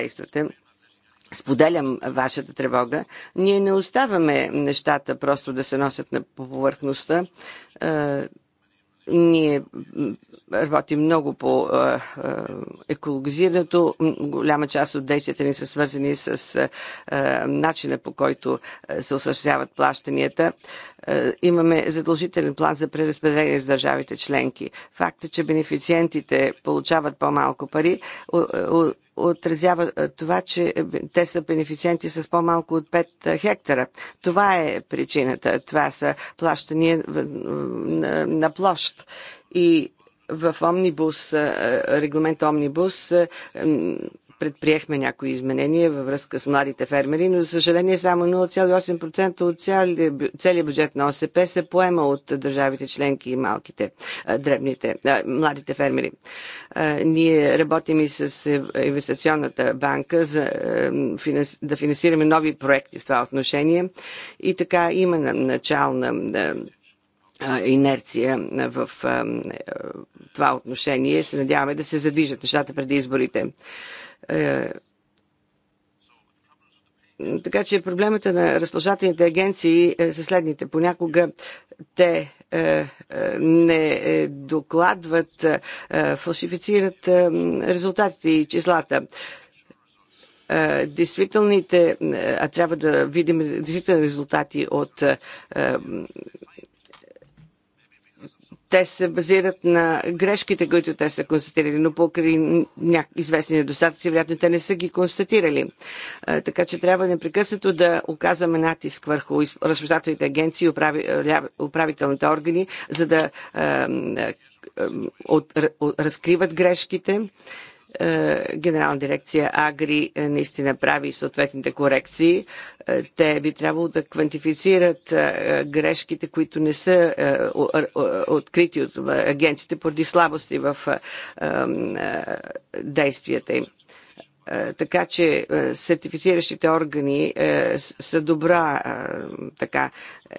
действате. Споделям вашата тревога. Ние не оставаме нещата просто да се носят на повърхността. Е, ние работим много по е, е, екологизирането. Голяма част от действията ни са свързани с начина по който се осъществяват плащанията. Имаме задължителен план за преразпределение с държавите членки. Факта, че бенефициентите получават по-малко пари, отразява това, че е, те са бенефициенти с по-малко от 5 хектара. Това е причината. Това са плащания на площ. И в Омнибус, регламент Омнибус, предприехме някои изменения във връзка с младите фермери, но за съжаление само 0,8% от целият бюджет на ОСП се поема от държавите членки и малките, дребните, младите фермери. Ние работим и с инвестиционната банка за да финансираме нови проекти в това отношение и така има начална инерция в това отношение. Се надяваме да се задвижат нещата преди изборите. Е, така че проблемите на разплащателните агенции е са следните. Понякога те е, не докладват, фалшифицират резултатите и числата действителните, а трябва да видим действителни резултати от те се базират на грешките, които те са констатирали, но покрай известни недостатъци, вероятно те не са ги констатирали. Така че трябва непрекъснато да оказваме натиск върху разпознателните агенции и управителните органи, за да от, от, разкриват грешките е, Генерална дирекция Агри е, наистина прави съответните корекции. Е, те би трябвало да квантифицират грешките, които не са открити от агенците поради слабости в действията им. Е, така че е, сертифициращите органи е, са добра така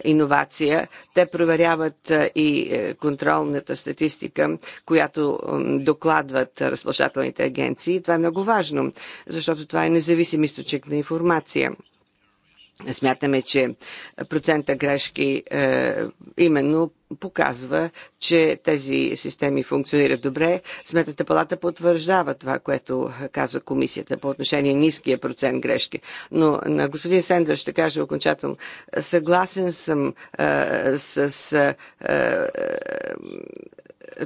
иновация. Те проверяват и контролната статистика, която докладват разплащателните агенции. Това е много важно, защото това е независим източник на информация. Смятаме, че процента грешки е, именно показва, че тези системи функционират добре. Сметната палата потвърждава това, което казва комисията по отношение на ниския процент грешки. Но на господин Сендър ще кажа окончателно. Съгласен съм е, с. Е, е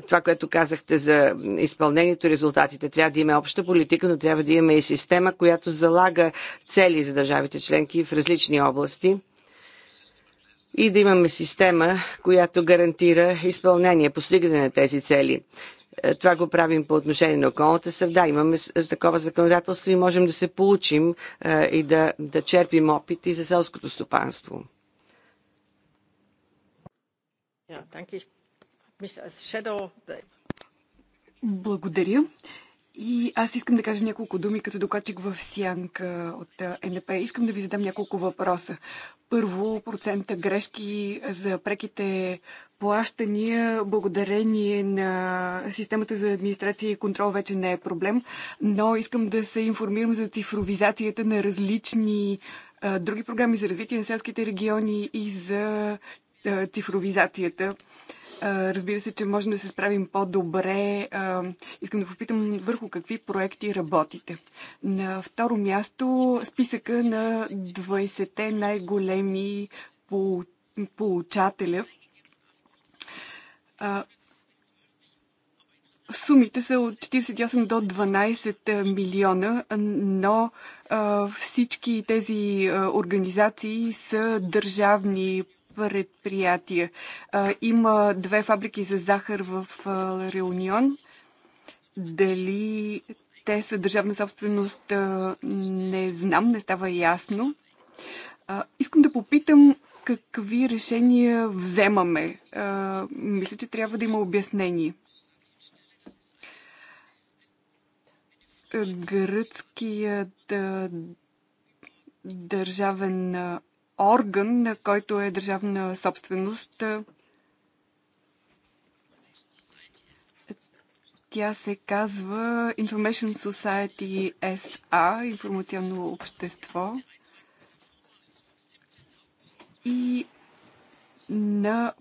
това, което казахте за изпълнението, резултатите. Трябва да има обща политика, но трябва да имаме и система, която залага цели за държавите членки в различни области и да имаме система, която гарантира изпълнение, постигане на тези цели. Е, това го правим по отношение на околната среда. Имаме такова законодателство и можем да се получим е, и да, да черпим опит и за селското стопанство. Yeah, благодаря. И аз искам да кажа няколко думи като докладчик в Сянка от НДП. Искам да ви задам няколко въпроса. Първо, процента грешки за преките плащания благодарение на системата за администрация и контрол вече не е проблем, но искам да се информирам за цифровизацията на различни а, други програми за развитие на селските региони и за а, цифровизацията. А, Разбира се, че можем да се справим по-добре. Искам да попитам върху какви проекти работите. На второ място списъка на 20-те най-големи получателя. Сумите са от 48 до 12 милиона, но всички тези организации са държавни предприятия. Има две фабрики за захар в Реунион. Дали те са държавна собственост, не знам, не става ясно. Искам да попитам какви решения вземаме. Мисля, че трябва да има обяснение. Гръцкият държавен орган, който е държавна собственост, Тя се казва Information Society SA, информационно общество. И на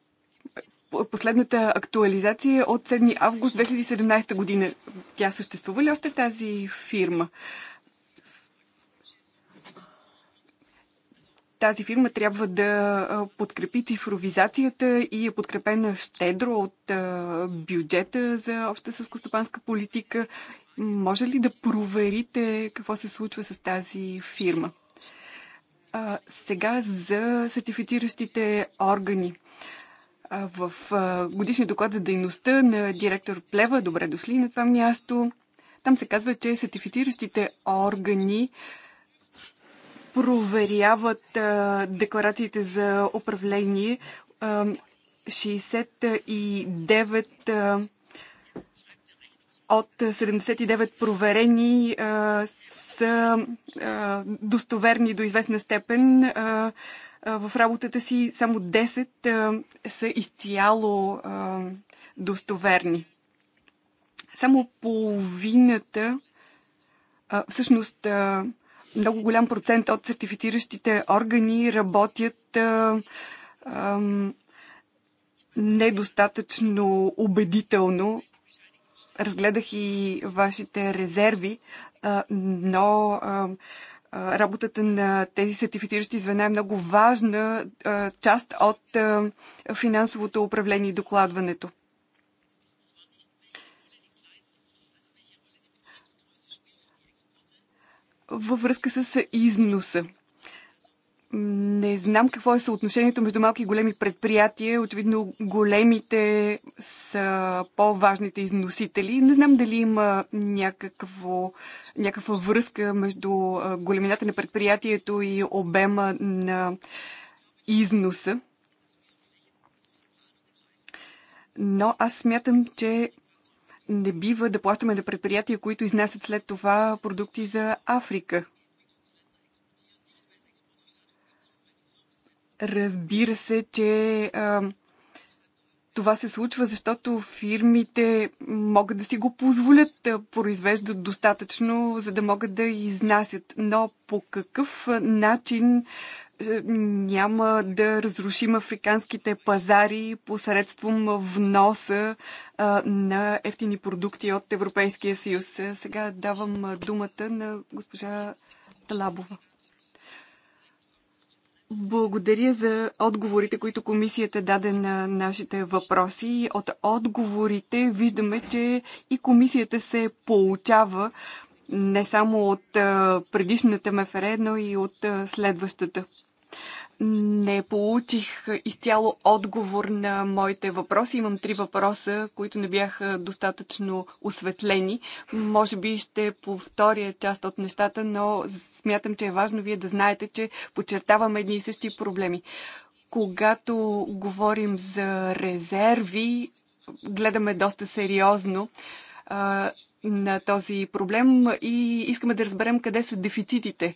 последната актуализация е от 7 август 2017 година. Тя съществува ли още тази фирма? Тази фирма трябва да подкрепи цифровизацията и е подкрепена щедро от бюджета за обща съскостопанска политика. Може ли да проверите какво се случва с тази фирма? А, сега за сертифициращите органи. А, в а, годишния доклад за дейността на директор Плева, добре дошли на това място, там се казва, че сертифициращите органи проверяват а, декларациите за управление. А, 69 а, от 79 проверени а, са а, достоверни до известна степен. А, а, в работата си само 10 а, са изцяло а, достоверни. Само половината, а, всъщност а, много голям процент от сертифициращите органи работят а, а, недостатъчно убедително. Разгледах и вашите резерви, а, но. А, работата на тези сертифициращи звена е много важна част от финансовото управление и докладването. във връзка с износа. Не знам какво е съотношението между малки и големи предприятия. Очевидно големите са по-важните износители. Не знам дали има някакво, някаква връзка между големината на предприятието и обема на износа. Но аз смятам, че не бива да плащаме на предприятия, които изнасят след това продукти за Африка. Разбира се, че а, това се случва, защото фирмите могат да си го позволят да произвеждат достатъчно, за да могат да изнасят. Но по какъв начин няма да разрушим африканските пазари посредством вноса на ефтини продукти от Европейския съюз. Сега давам думата на госпожа Талабова. Благодаря за отговорите, които комисията даде на нашите въпроси. От отговорите виждаме, че и комисията се получава не само от предишната МФР, но и от следващата не получих изцяло отговор на моите въпроси. Имам три въпроса, които не бяха достатъчно осветлени. Може би ще повторя част от нещата, но смятам, че е важно вие да знаете, че подчертаваме едни и същи проблеми. Когато говорим за резерви, гледаме доста сериозно на този проблем и искаме да разберем къде са дефицитите.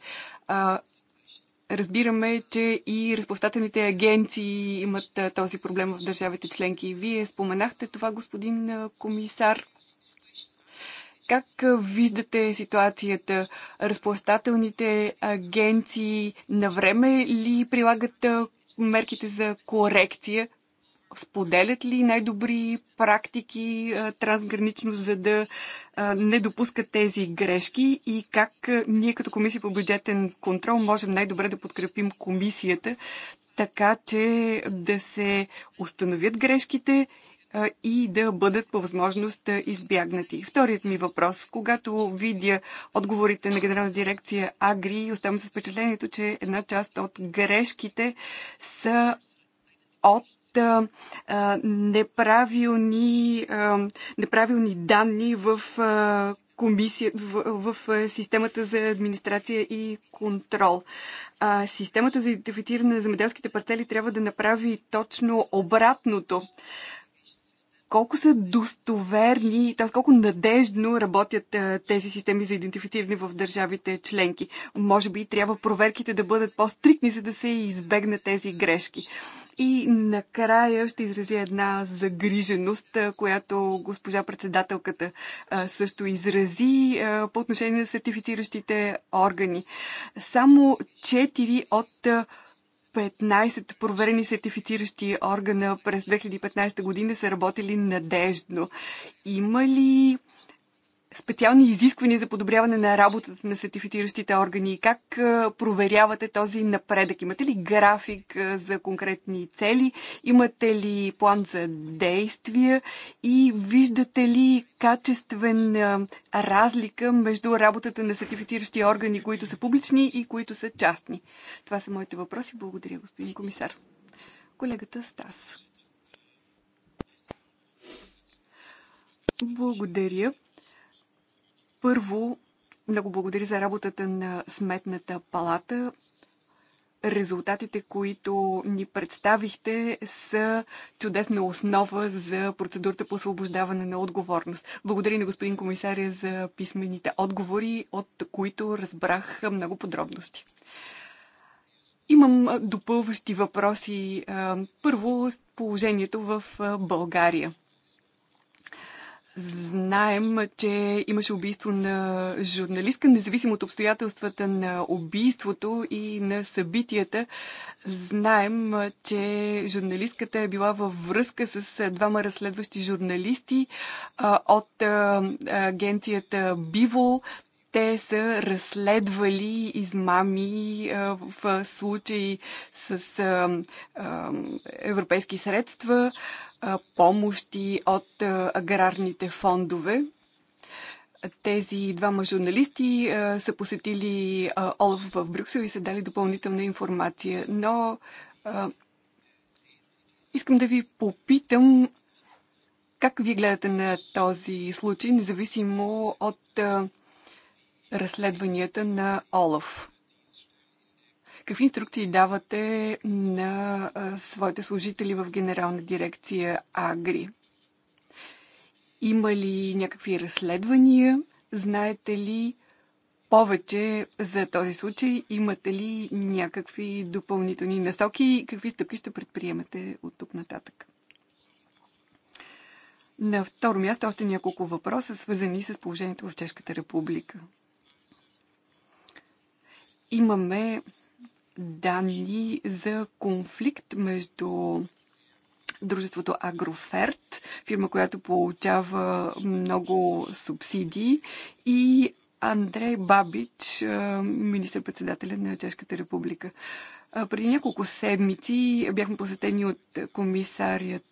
Разбираме, че и разплащателните агенции имат този проблем в държавите членки. Вие споменахте това, господин комисар. Как виждате ситуацията? Разплащателните агенции на време ли прилагат мерките за корекция споделят ли най-добри практики трансгранично, за да не допускат тези грешки и как ние като Комисия по бюджетен контрол можем най-добре да подкрепим комисията, така че да се установят грешките и да бъдат по възможност избягнати. Вторият ми въпрос. Когато видя отговорите на Генерална дирекция Агри, оставам с впечатлението, че една част от грешките са от неправилни, неправилни данни в комисия, в, в системата за администрация и контрол. А, системата за идентифициране на земеделските партели трябва да направи точно обратното. Колко са достоверни, т.е. колко надеждно работят а, тези системи за идентифициране в държавите членки. Може би трябва проверките да бъдат по-стрикни, за да се избегнат тези грешки. И накрая ще изразя една загриженост, която госпожа председателката също изрази по отношение на сертифициращите органи. Само 4 от 15 проверени сертифициращи органа през 2015 година са работили надеждно. Има ли специални изисквания за подобряване на работата на сертифициращите органи? Как проверявате този напредък? Имате ли график за конкретни цели? Имате ли план за действия? И виждате ли качествен разлика между работата на сертифициращи органи, които са публични и които са частни? Това са моите въпроси. Благодаря, господин комисар. Колегата Стас. Благодаря. Първо, много благодаря за работата на Сметната палата. Резултатите, които ни представихте, са чудесна основа за процедурата по освобождаване на отговорност. Благодаря на господин комисаря за писмените отговори, от които разбрах много подробности. Имам допълващи въпроси. Първо, положението в България. Знаем, че имаше убийство на журналистка, независимо от обстоятелствата на убийството и на събитията. Знаем, че журналистката е била във връзка с двама разследващи журналисти от агенцията Бивол. Те са разследвали измами в случаи с европейски средства помощи от аграрните фондове. Тези двама журналисти са посетили Олаф в Брюксел и са дали допълнителна информация. Но искам да ви попитам как ви гледате на този случай, независимо от разследванията на Олаф? Какви инструкции давате на своите служители в Генерална дирекция Агри? Има ли някакви разследвания? Знаете ли повече за този случай? Имате ли някакви допълнителни насоки и какви стъпки ще предприемете от тук нататък? На второ място още няколко въпроса, свързани с положението в Чешката република. Имаме данни за конфликт между дружеството Агроферт, фирма, която получава много субсидии, и Андрей Бабич, министър-председателя на Чешката република. Преди няколко седмици бяхме посетени от комисарият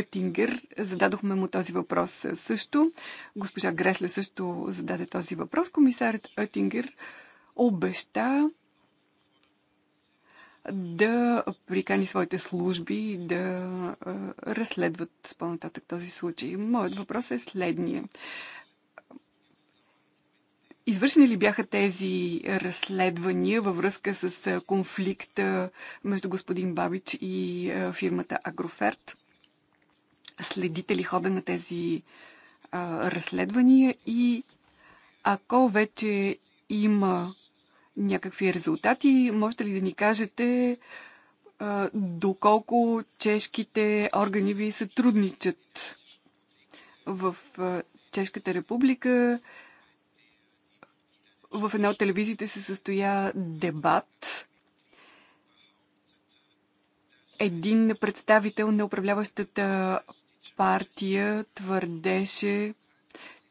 Оттингер. Зададохме му този въпрос също. Госпожа Гресле също зададе този въпрос. Комисарят Оттингер обеща да прикани своите служби да разследват по-нататък този случай. Моят въпрос е следния. Извършени ли бяха тези разследвания във връзка с конфликта между господин Бабич и фирмата Агроферт? Следите ли хода на тези разследвания и ако вече има някакви резултати. Можете ли да ни кажете доколко чешките органи ви сътрудничат в Чешката република? В една от телевизиите се състоя дебат. Един представител на управляващата партия твърдеше,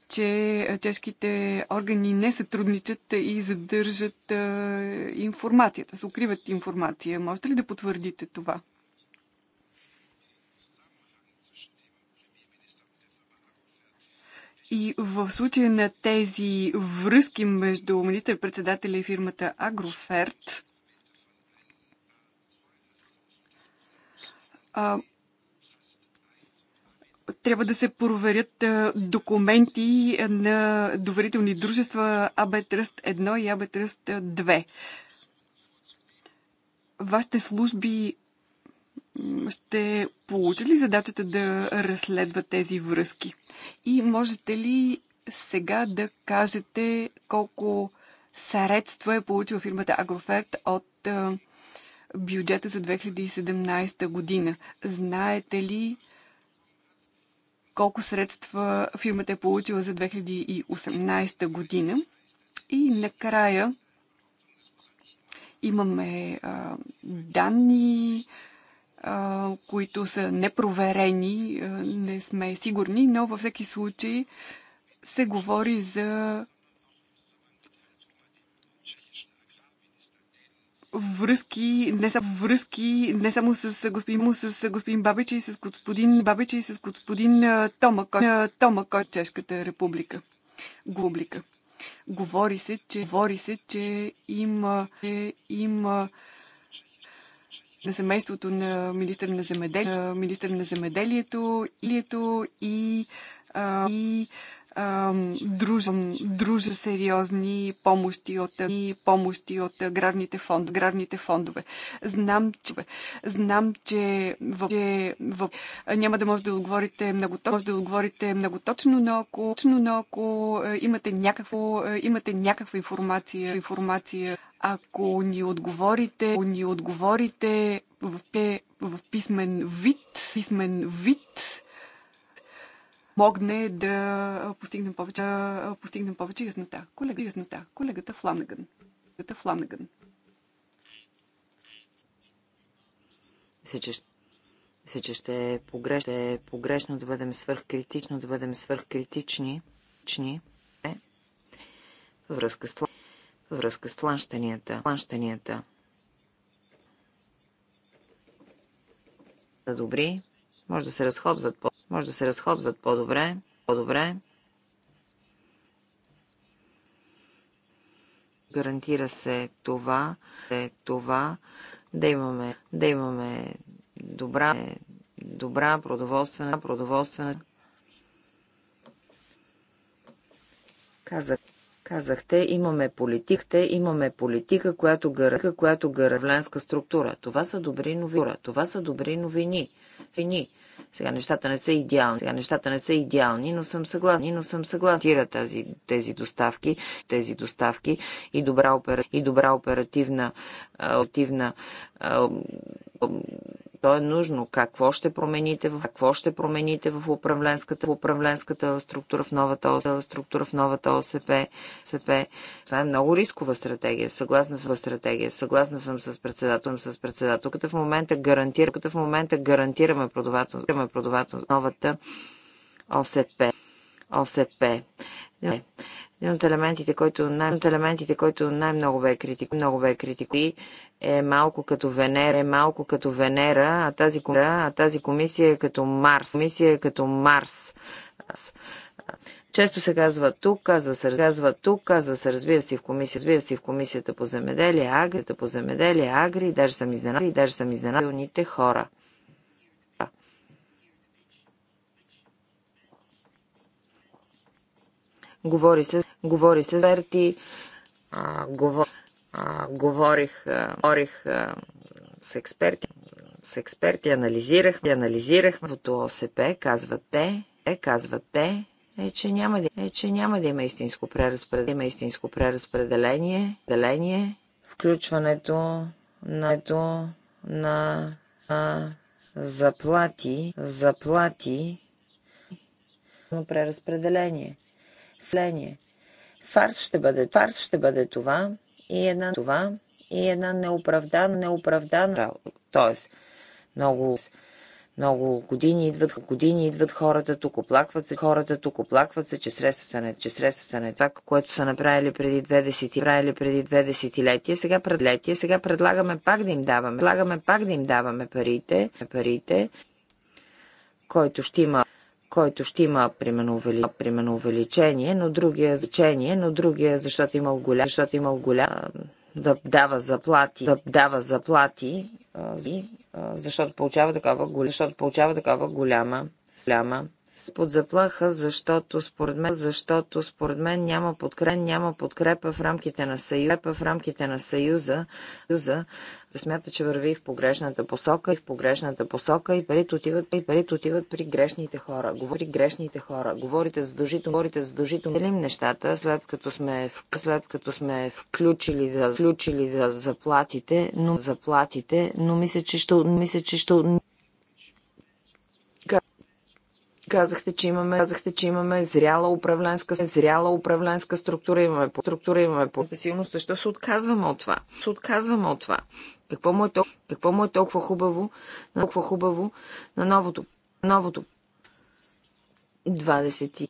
че чешките органи не сътрудничат и задържат информацията, се укриват информация. Можете ли да потвърдите това? И в случая на тези връзки между министър-председателя и фирмата Агроферт, трябва да се проверят документи на доверителни дружества AB Trust 1 и AB Trust 2. Вашите служби ще получат ли задачата да разследват тези връзки? И можете ли сега да кажете колко средства е получила фирмата Агроферт от бюджета за 2017 година? Знаете ли колко средства фирмата е получила за 2018 година. И накрая имаме а, данни, а, които са непроверени, а, не сме сигурни, но във всеки случай се говори за връзки, не само връзки, не само с господин, му, с господин Бабич и с господин Бабич и с господин Тома, кой, Тома, кой Чешката република. Глублика. Говори се, че, говори се, че има, че има на семейството на министър на, земедели, на министър на земеделието, и, и, и дружа, дружа сериозни помощи от, и помощи от градните фонд, аграрните фондове. Знам, че, знам, че, в, че в, няма да може да отговорите много точно, може да отговорите много точно, но ако, точно, но ако е, имате, някакво, е, имате някаква информация, информация ако ни отговорите, ако ни отговорите в, в писмен вид, писмен вид, помогне да постигнем повече, постигнем повече яснота. Колега, яснота. Колегата Фланаган. Колегата Фланаган. Мисля, че ще е, погреш... ще е погрешно да бъдем свърхкритично, да бъдем свърхкритични чни, е, връзка с, план. връзка с планщанията. Планщанията. Да добри, може да се разходват по, може да се разходват по-добре, по-добре. Гарантира се това, е това да имаме, да имаме добра, добра продоволствена, продоволствена. Казах, казахте, имаме политикте, имаме политика, която гарантира, която гаравленска структура. Това са добри новини. Това са добри новини. Вини. Сега нещата не са идеални. Сега нещата не са идеални, но съм съгласна. Но съм съгласна. Тази, тези доставки, тези доставки и добра, опера, и добра оперативна, оперативна защо е нужно? Какво ще промените в, какво ще промените в управленската, в управленската структура в новата ОСП, структура в новата ОСП, СП. Това е много рискова стратегия. Съгласна съм стратегия. Съгласна съм с председател с председателката. В момента гарантира, в момента гарантираме продователност, в новата ОСП. ОСП. Не. Един от елементите, който, най- от елементите, който най-много бе критику, много бе критику и е малко като Венера, е малко като Венера, а тази, а тази комисия е като Марс. Комисия е като Марс. Често се казва тук, казва се, казва тук, казва се, разбира се, в комисия, разбира се, в комисията по земеделие, Агрита по земеделие, агри, даже съм изненадан, даже съм изненаданите хора. Говори се, говори се експерти, говор, говорих, а, говорих а, с експерти, с експерти анализирах. анализирах от ОСП, казват те, е, казват те, е, че няма да, е, че няма да има истинско преразпределение, има истинско преразпределение, деление, включването на, ето, на, на заплати, заплати, преразпределение вление. Фарс ще бъде, фарс ще бъде това и една това и една неоправдан, неоправдан, т.е. много много години идват, години идват хората тук, оплакват се хората тук, оплакват се, че средства са не, че средства са не това, което са направили преди две, десети, правили преди две десетилетия, сега предлетие, сега предлагаме пак да им даваме, предлагаме пак да им даваме парите, парите, който ще има който ще има примерно, увели... примерно увеличение, но другия значение, но другия, защото имал голям, защото имал голям да дава заплати, да дава заплати, а, защото получава такава, защото получава такава голяма, голяма с заплаха, защото според мен, защото според мен няма подкрепа, няма подкрепа в рамките на Съюза, в рамките на Съюза, Съюза да смята, че върви в погрешната посока и в погрешната посока и парите отиват, и парите отиват при грешните хора. Говори грешните хора. Говорите задължително, говорите задължително. Делим нещата, след като сме, в след като сме включили да, включили да заплатите, но заплатите, но мисля, че ще, мисля, че ще Казахте, че имаме, казахте, че имаме зряла управленска, зряла управленска структура, имаме по структура, имаме по силно също се отказваме от това. Се отказваме от това. Какво му е, толкова, какво му е толкова хубаво, толкова хубаво на новото, новото 20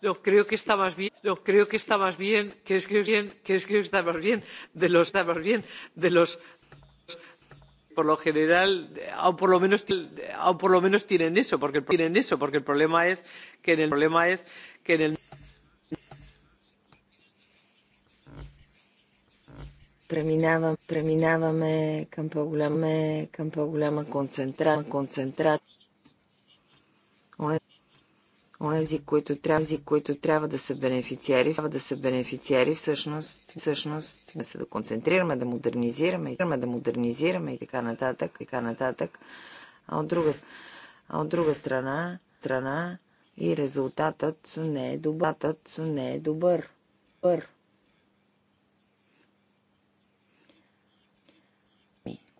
Yo creo que está más bien, no, creo que está más bien, que es que bien, que es que está más bien de los está más bien de los por lo general, aun por lo menos, aun por lo menos tienen eso, porque tienen eso, porque el problema es que en el problema es que en el Преминавам, преминаваме към по-голяма, към по онези, които трябва, които трябва да са бенефициари, трябва да са бенефициари, всъщност, всъщност да се да концентрираме, да модернизираме, да модернизираме и така нататък, и така нататък. А от друга, а от друга страна, страна и резултатът не е добър. не е добър. Бър.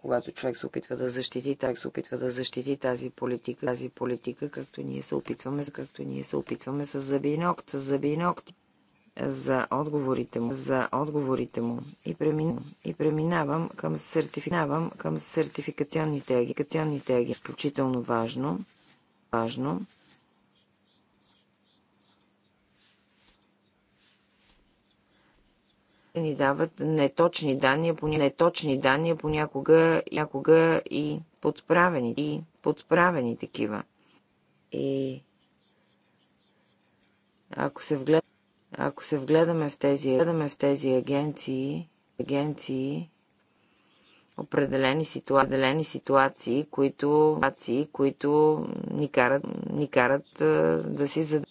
Когато човек се опитва да защити, так се опитва да защити тази политика, тази политика, както ние се опитваме, както ние се опитваме с зъби и ногти, с зъби и ногти за отговорите му, за отговорите му и, премин, и преминавам към, сертифинавам към сертификационните аги. включително важно, важно ни дават неточни данни, понякога, неточни данни, понякога, някога и подправени, и подправени такива. И ако се, вглед... ако се вгледаме в тези, в тези агенции, агенции, определени ситуации, определени ситуации които, ситуации, които ни карат, ни карат да, си зад,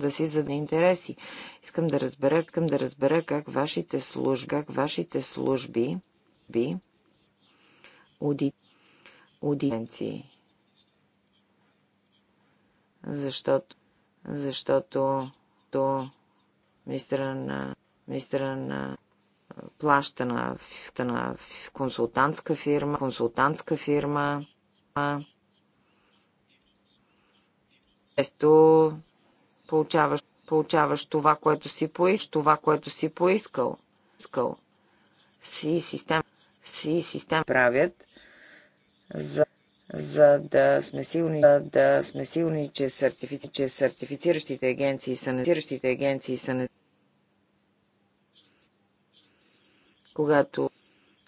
да си зад интереси. Искам да разбера, искам да разбера как вашите служби, как вашите служби би ауди, аудиенции. Защото, защото то мистера на, мистера на плаща на консултантска фирма, консултантска фирма. Често получаваш, получаваш това, което си поискал, това, което си поискал. Искал. Си систем, си систем правят за за да сме силни, да, да сме силни, че, сертифици, че сертифициращите агенции са не, агенции са не, когато,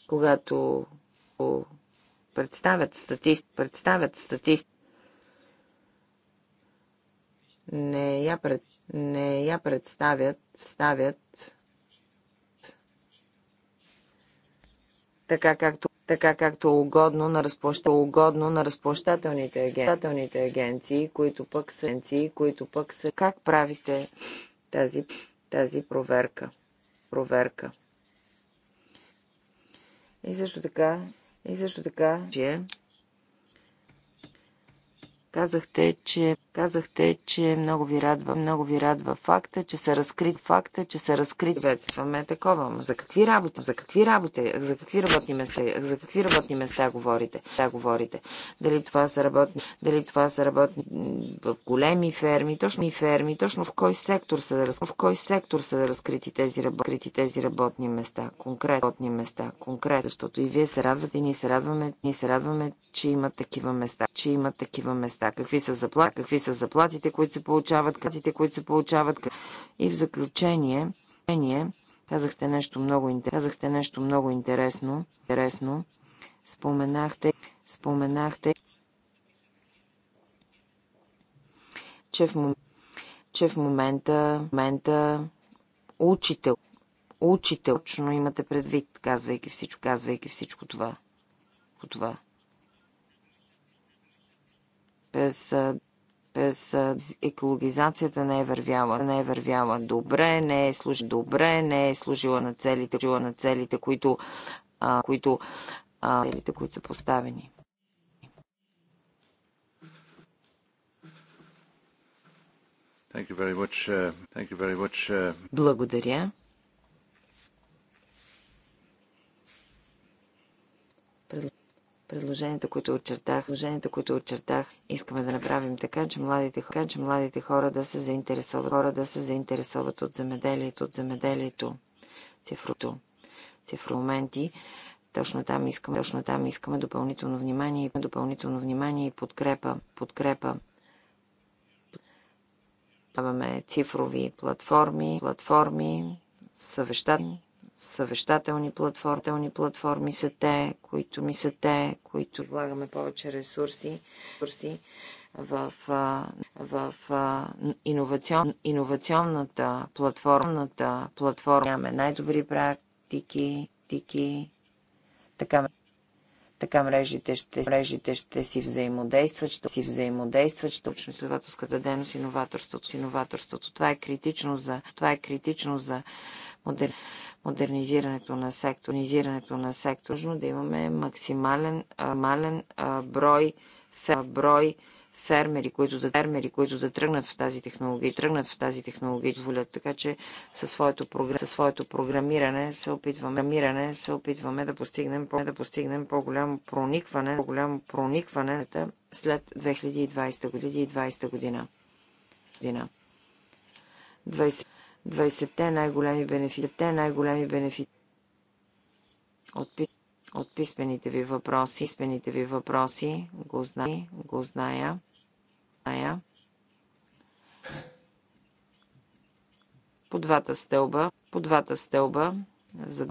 когато представят статист, представят статист, не я, пред, не я представят, ставят така както, така както угодно на, разплаща, угодно на разплащателните, агенци, агенции, които пък са, агенции, които пък са. Как правите тази, тази проверка? Проверка. И също така, и също така, че казахте, че Казахте, че много ви радва, много ви радва факта, че са разкрит факта, че са разкрит. Приветстваме такова. За какви работи? За какви работи? За какви работни места? За какви работни места говорите? Да, говорите. Дали това са работни? Дали това са работни в големи ферми? Точно и ферми. Точно в кой сектор са раз... в кой сектор са разкрити тези, раб... тези работни места? конкретно работни места. Конкретно, защото и вие се радвате, и ние се радваме, ние се радваме, че има такива места, че има такива места. Какви са заплати? Какви с заплатите, които се получават, катите, които се получават. И в заключение, казахте нещо много, интересно, казахте нещо много интересно, интересно. Споменахте, споменахте, че в, мом... че в момента, момента учител, учител, точно имате предвид, казвайки всичко, казвайки всичко това. Това. През през екологизацията не е вървяла, не е вървяла добре, не е служила добре, не е служила на целите, служила на целите, които, а, които, а, целите, които са поставени. Thank you very much. Uh, thank you very much. Uh, Благодаря. Предлагам предложенията, които очертах, предложенията, които очертах, искаме да направим така, че младите, така, че младите хора да се заинтересуват, хора да се заинтересуват от земеделието, от земеделието, цифрото, цифроменти. Точно там искаме, точно там искаме допълнително внимание, допълнително внимание и подкрепа, подкрепа. Даваме цифрови платформи, платформи, съвещания съвещателни платформи, платформи са те, които ми са те, които влагаме повече ресурси, ресурси в, в, в иновацион, иновационната платформната платформа. Имаме най-добри практики, тики, така, така мрежите, ще, мрежите ще си взаимодействат, ще си взаимодействат, ще точно изследователската дейност, иноваторството, иноваторството. Това е критично за, това е критично за модер модернизирането на сектор, модернизирането на сектор, да имаме максимален мален брой, фер, брой фермери, които да, фермери, които да тръгнат в тази технология, тръгнат в тази технология, изволят. Така че със своето, програ... със своето програмиране се опитваме, програмиране се опитваме да постигнем, по... да постигнем по-голямо проникване, по-голямо проникване след 2020 година. 2020 година. 20... 20-те най-големи Те най-големи бенефици от, от писмените ви въпроси, писмените ви въпроси, го знай, го зная, зная. По двата стълба, по двата стълба за,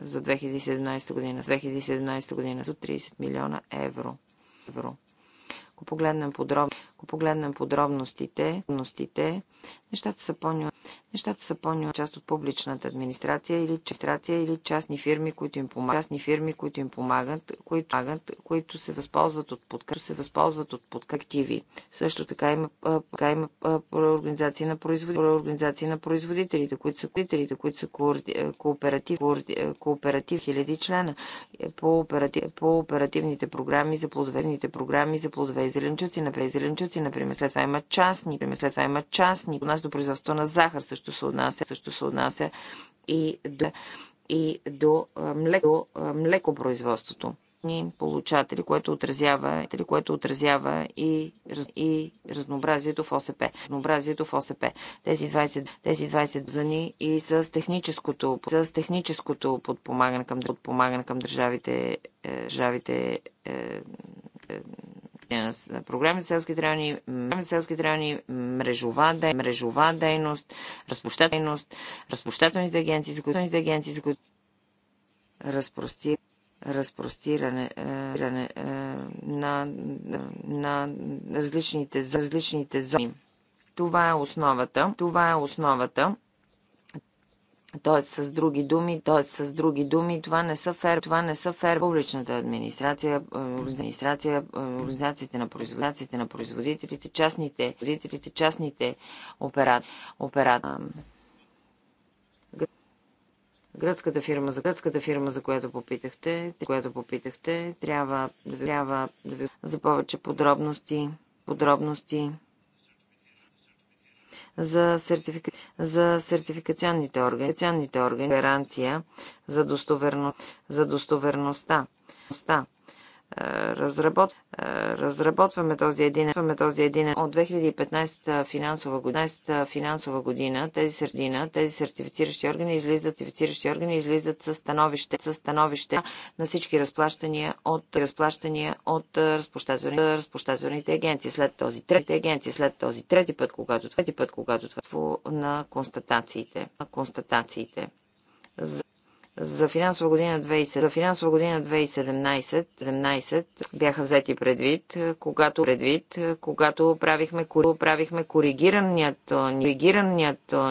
за 2017 година, 2017 година за 30 милиона евро. евро. Ако погледнем, подробно, ако погледнем подробностите, подробностите Нещата са по Нещата са по част от публичната администрация или администрация или частни фирми, които им помагат, частни фирми, които им помагат, които, помагат, които се възползват от подкрепа, се възползват от подкактиви. Също така има, така има организации на производителите, организации на производителите, които са кооперативите, които са кооператив, кооператив хиляди члена е, по, оператив, по оперативните програми за плодовените програми за плодове и зеленчуци, на зеленчуци, например, след това има частни, например, след това има частни ясни. До нас до производство на захар също се отнася, също се отнася и до, и до млеко, млекопроизводството ни получатели, което отразява, което отразява и, и разнообразието в ОСП. Разнообразието в ОСП. Тези 20, тези 20 зани и с техническото, с техническото подпомагане към, подпомагане към държавите, е, държавите е, е, е, програми за селските райони, селските райони мрежова, дей, мрежова дейност, разплащателност, разплащателните агенции, за които агенции, за които разпрости, разпростиране е, е, на, на различните, различните зони. Това е основата. Това е основата т.е. с други думи, т.е. с други думи, това не са фер, това не са фер публичната администрация, е, администрация, е, организациите на производителите, на производителите, частните, производителите, частните опера, опера, Гръцката фирма, за гръцката фирма, за която попитахте, която попитахте, трябва да ви, трябва да ви за повече подробности, подробности за, сертифика... за сертификационните органи, органи, гаранция за, достоверно... за достоверността. Разработ... Разработваме този един, този един от 2015 финансова година, финансова година тези, сърдина, тези сертифициращи органи излизат, сертифициращи органи излизат със становище, със становище на всички разплащания от разплащания от разплащателните, разплащателните агенции. След този трети агенции, след този трети път, когато трети път, когато това е на констатациите, на констатациите за за финансова година 2017, за финансова година 2017 17, бяха взети предвид, когато предвид, когато правихме, правихме коригираното,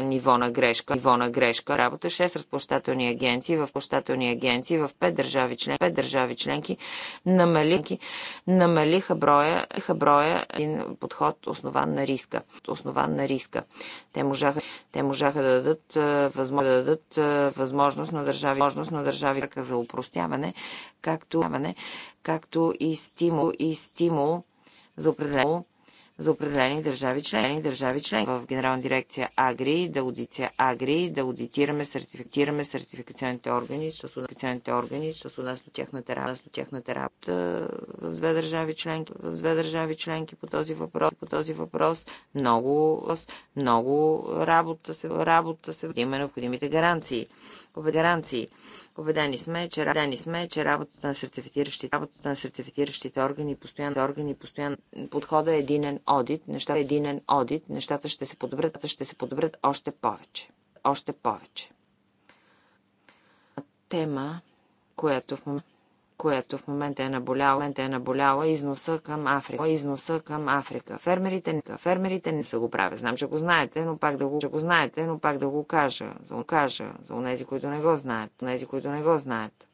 ниво на грешка, ниво на грешка, работа 6 разплащателни агенции в плащателни агенции в 5 държави член, 5 държави членки намалиха, намалиха броя, броя един подход основан на риска, основан на риска. Те можаха, те можаха да дадат, възможност, да дадат възможност на държави възможност на държави за упростяване, както, както и стимул, и стимул за определено за определени държави члени, държави члени в Генерална дирекция Агри, да аудиция Агри, да аудитираме, сертифицираме сертификационните органи, що сертификационните органи, с се тяхната работа, до тяхната работа в две държави членки, в две държави членки по този въпрос, по този въпрос много, много работа се, работа се, има необходимите гаранции, гаранции. Победени сме, че, радени сме, че работата на сертифициращите, работата на сертифициращите органи, постоянно органи, постоянно подхода е единен одит, нещата е единен одит, нещата ще се подобрят, ще се подобрят още повече. Още повече. Тема, която в момента която в момента е наболяла, момента е наболяла износа към Африка. Износа към Африка. Фермерите, фермерите не са го правят. Знам, че го знаете, но пак да го, че го знаете, но пак да го кажа. Да го кажа за онези, които не го знаят. Тези, които не го знаят.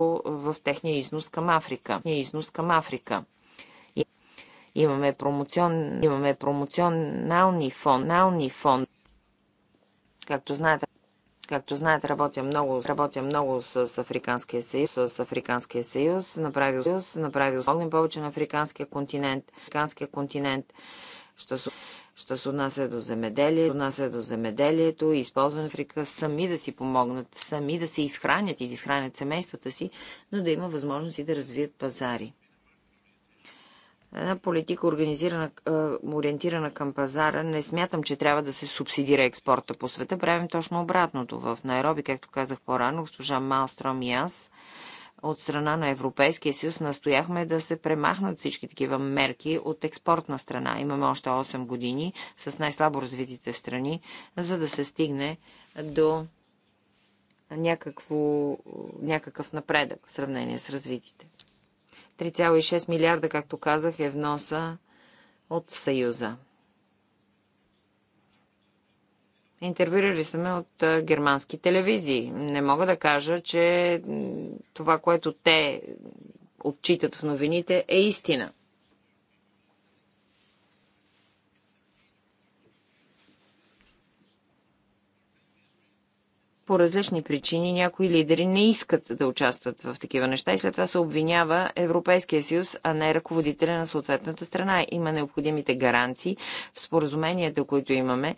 В техния износ към Африка. Износ към Африка. Имаме, промоцион, имаме промоционални фон, фон. Както знаете, Както знаете, работя много, работя много с Африканския съюз, с Африканския съюз, направил съюз, направил съюз, повече на Африканския континент, Африканския континент, що се, що се отнася до земеделието, отнася до земеделието и използване Африка сами да си помогнат, сами да се изхранят и да изхранят семействата си, но да има възможности да развият пазари. Една политика, организирана, ориентирана към пазара, не смятам, че трябва да се субсидира експорта по света. Правим точно обратното. В Найроби, както казах по-рано, госпожа Малстром и аз, от страна на Европейския съюз настояхме да се премахнат всички такива мерки от експортна страна. Имаме още 8 години с най-слабо развитите страни, за да се стигне до някакво, някакъв напредък в сравнение с развитите. 3,6 милиарда, както казах, е вноса от Съюза. Интервюрали сме от германски телевизии. Не мога да кажа, че това, което те отчитат в новините, е истина. по различни причини някои лидери не искат да участват в такива неща и след това се обвинява Европейския съюз, а не ръководителя на съответната страна. Има необходимите гаранции в споразуменията, които имаме,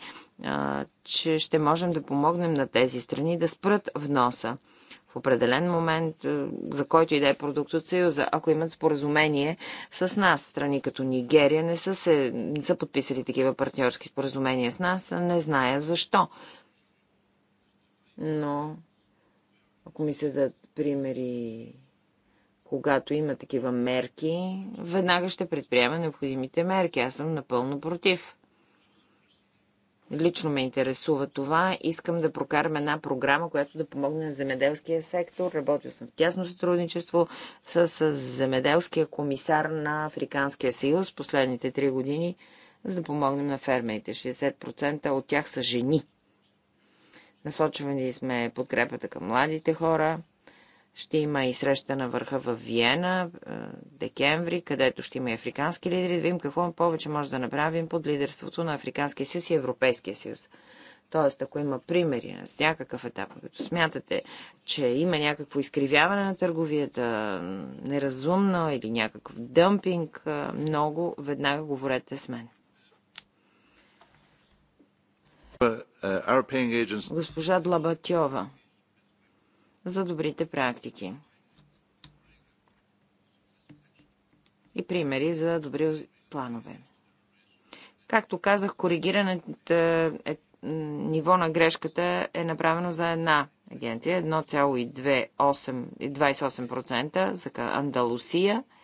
че ще можем да помогнем на тези страни да спрат вноса в определен момент, за който и да е продукт от Съюза, ако имат споразумение с нас. Страни като Нигерия не са, се, не са подписали такива партньорски споразумения с нас, не зная защо но ако ми се дадат примери, когато има такива мерки, веднага ще предприема необходимите мерки. Аз съм напълно против. Лично ме интересува това. Искам да прокарам една програма, която да помогне на земеделския сектор. Работил съм в тясно сътрудничество с, с земеделския комисар на Африканския съюз последните три години, за да помогнем на фермерите. 60% от тях са жени. Насочвали сме подкрепата към младите хора. Ще има и среща на върха в Виена, е, декември, където ще има и африкански лидери, да видим какво повече може да направим под лидерството на Африканския съюз и Европейския съюз. Тоест, ако има примери на всякакъв етап, като смятате, че има някакво изкривяване на търговията, неразумно или някакъв дъмпинг, е, много веднага говорете с мен. Uh, Госпожа Длабатьова за добрите практики и примери за добри планове. Както казах, коригирането е, ниво на грешката е направено за една агенция 1,28% за Андалусия –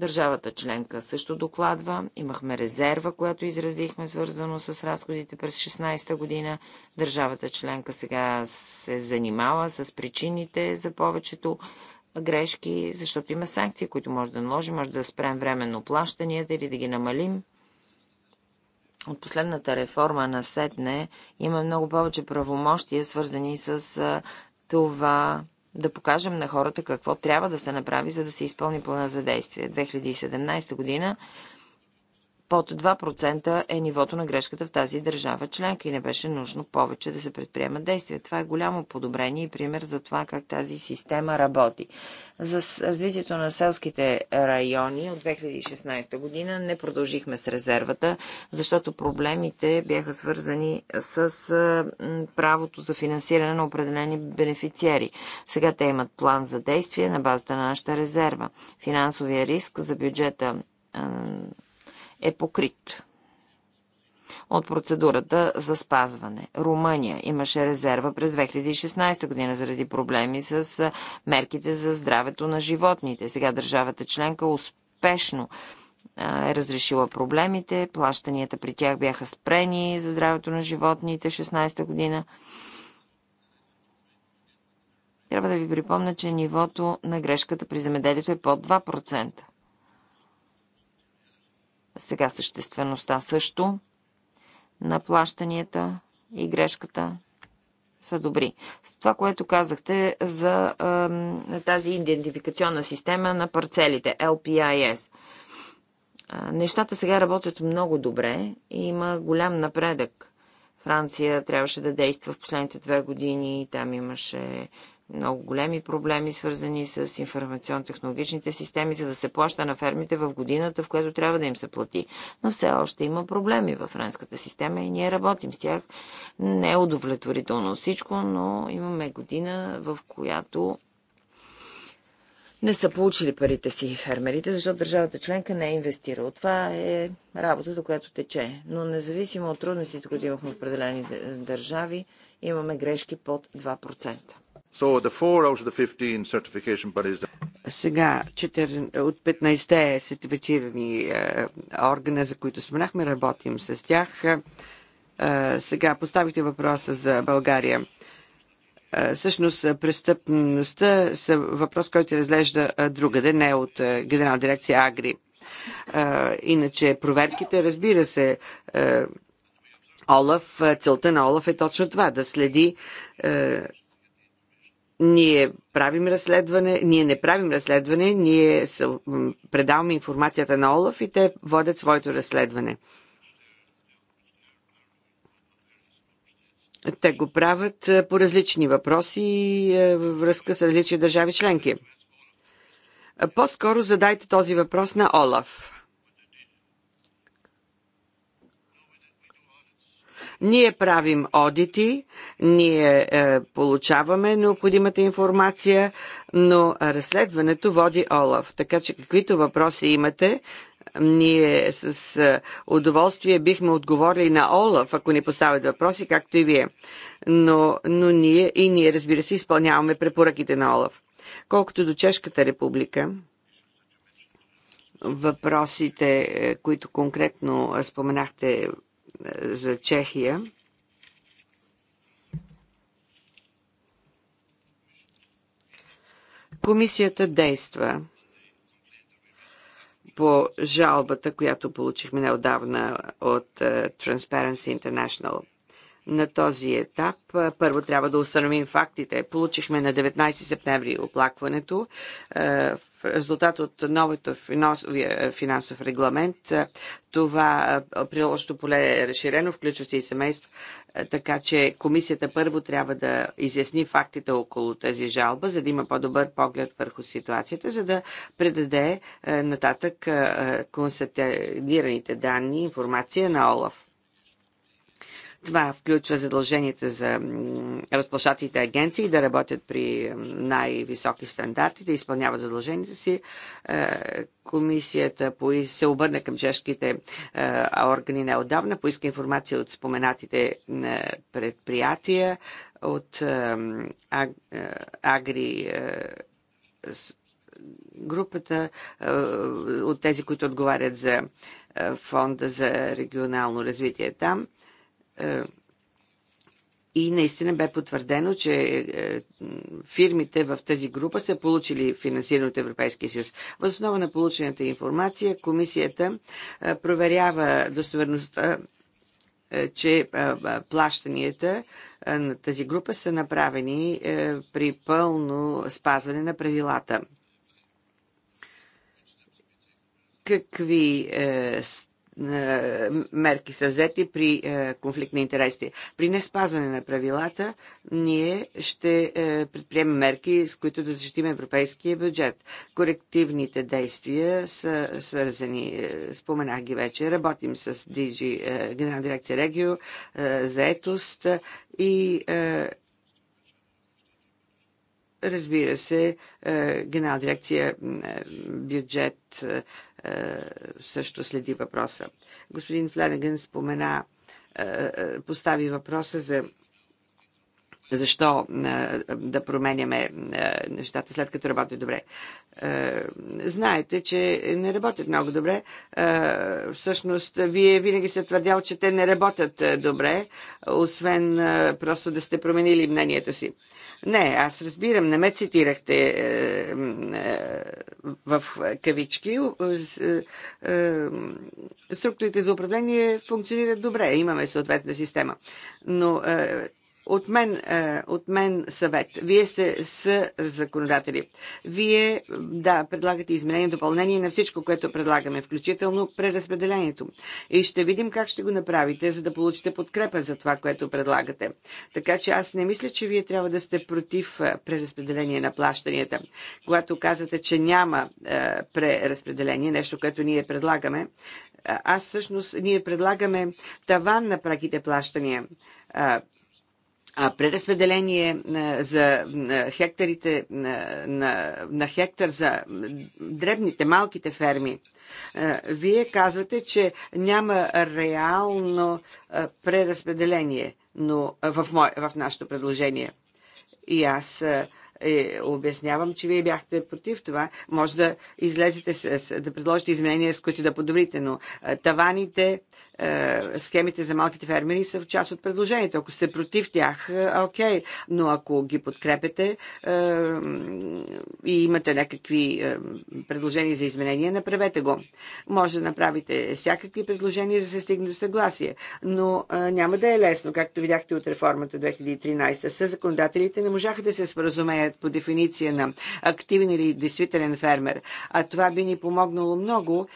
Държавата членка също докладва. Имахме резерва, която изразихме, свързано с разходите през 16-та година. Държавата членка сега се занимава с причините за повечето грешки, защото има санкции, които може да наложим, може да спрем временно плащанията или да ги намалим. От последната реформа на СЕТНЕ има много повече правомощия, свързани с това да покажем на хората какво трябва да се направи, за да се изпълни плана за действие. 2017 година под 2% е нивото на грешката в тази държава членка и не беше нужно повече да се предприемат действия. Това е голямо подобрение и пример за това как тази система работи. За развитието на селските райони от 2016 година не продължихме с резервата, защото проблемите бяха свързани с правото за финансиране на определени бенефициери. Сега те имат план за действие на базата на нашата резерва. Финансовия риск за бюджета е покрит от процедурата за спазване. Румъния имаше резерва през 2016 година заради проблеми с мерките за здравето на животните. Сега държавата членка успешно е разрешила проблемите, плащанията при тях бяха спрени за здравето на животните 16 година. Трябва да ви припомня, че нивото на грешката при земеделието е под 2% сега съществеността също на плащанията и грешката са добри. С това, което казахте за а, тази идентификационна система на парцелите, LPIS. Нещата сега работят много добре и има голям напредък. Франция трябваше да действа в последните две години. Там имаше много големи проблеми, свързани с информационно-технологичните системи, за да се плаща на фермите в годината, в която трябва да им се плати. Но все още има проблеми в френската система и ние работим с тях. Не е удовлетворително всичко, но имаме година, в която не са получили парите си фермерите, защото държавата членка не е инвестирала. Това е работата, която тече. Но независимо от трудностите, които имахме в определени държави, имаме грешки под 2%. Сега от 15-те сертифицирани е, органа, за които споменахме, работим с тях. Е, сега поставихте въпроса за България. Е, всъщност престъпността са въпрос, който се разглежда другаде, не от Генерална дирекция Агри. Иначе проверките, разбира се, Олаф, целта на Олаф е точно това, да следи ние правим разследване, ние не правим разследване, ние предаваме информацията на Олаф и те водят своето разследване. Те го правят е, по различни въпроси е, във връзка с различни държави членки. Е, по-скоро задайте този въпрос на Олаф. Ние правим одити, ние е, получаваме необходимата информация, но разследването води Олаф. Така че каквито въпроси имате, ние с е, удоволствие бихме отговорили на Олаф, ако ни поставят въпроси, както и вие. Но, но ние и ние, разбира се, изпълняваме препоръките на Олаф. Колкото до Чешката република, въпросите, е, които конкретно споменахте за Чехия. Комисията действа по жалбата, която получихме неодавна от е, Transparency International. На този етап е, първо трябва да установим фактите. Получихме на 19 септември оплакването. В е, в резултат от новото е, финансов регламент е, това е, приложното поле е разширено, включващи и семейство, така че комисията първо трябва да изясни фактите около тази жалба, за да има по-добър поглед върху ситуацията, за да предаде нататък констатираните данни, информация на ОЛАФ. Това включва задълженията за разплащателите агенции да работят при най-високи стандарти, да изпълняват задълженията си. Е, комисията се обърна към чешките е, органи неодавна, поиска информация от споменатите е, предприятия, от агри групата от тези, които отговарят за фонда за регионално развитие там. Е, и наистина бе потвърдено, че е, фирмите в тази група са получили финансиране от Европейския съюз. Въз основа на получената информация, комисията е, проверява достоверността че плащанията на тази група са направени при пълно спазване на правилата. Какви е, мерки са взети при е, конфликт на интереси. При неспазване на правилата ние ще е, предприемем мерки, с които да защитим европейския бюджет. Корективните действия са свързани, споменах ги вече, работим с DG, Генерална дирекция Регио, заетост и разбира се, Генерална дирекция бюджет е, също следи въпроса. Господин Фленеген спомена, е, е, постави въпроса за защо да променяме нещата след като работи добре знаете, че не работят много добре. Е, всъщност, вие винаги сте твърдял, че те не работят е, добре, освен е, просто да сте променили мнението си. Не, аз разбирам, не ме цитирахте в кавички. структурите за управление функционират добре, имаме съответна система. Но от мен, е, от мен съвет. Вие сте с законодатели. Вие, да, предлагате изменение, допълнение на всичко, което предлагаме, включително преразпределението. И ще видим как ще го направите, за да получите подкрепа за това, което предлагате. Така че аз не мисля, че вие трябва да сте против е, преразпределение на плащанията. Когато казвате, че няма е, преразпределение, нещо, което ние предлагаме, аз всъщност ние предлагаме таван на праките плащания а преразпределение за хектарите на, на, на хектар за дребните, малките ферми. Вие казвате, че няма реално преразпределение но, в, мое, в нашето предложение. И аз е, обяснявам, че вие бяхте против това. Може да излезете с, с да предложите изменения, с които да подобрите, но таваните е, схемите за малките фермери са в част от предложението. Ако сте против тях, е, окей, okay. но ако ги подкрепете е, и имате някакви предложения за изменения, направете го. Може да направите всякакви предложения за да се стигне до съгласие, но няма да е лесно, както видяхте от реформата 2013. Със законодателите не можаха да се споразумеят по дефиниция на активен или действителен фермер, а това би ни помогнало много,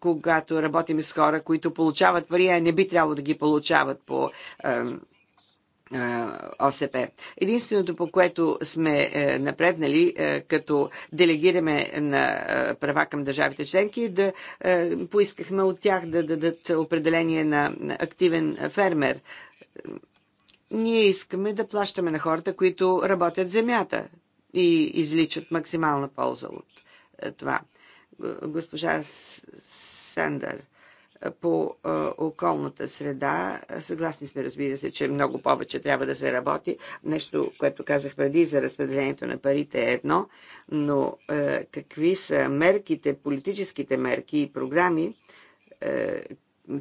когато работим с хора, които получават получават пари, а не би трябвало да ги получават по е, ОСП. Единственото, по което сме е, напреднали, е, като делегираме на права към държавите членки, да поискахме от тях да дадат определение на активен фермер. Ние искаме да плащаме на хората, които работят земята и изличат максимална полза от това. Госпожа Сандър по околната среда. Съгласни сме, разбира се, че много повече трябва да се работи. Нещо, което казах преди за разпределението на парите е едно, но е, какви са мерките, политическите мерки и програми, е,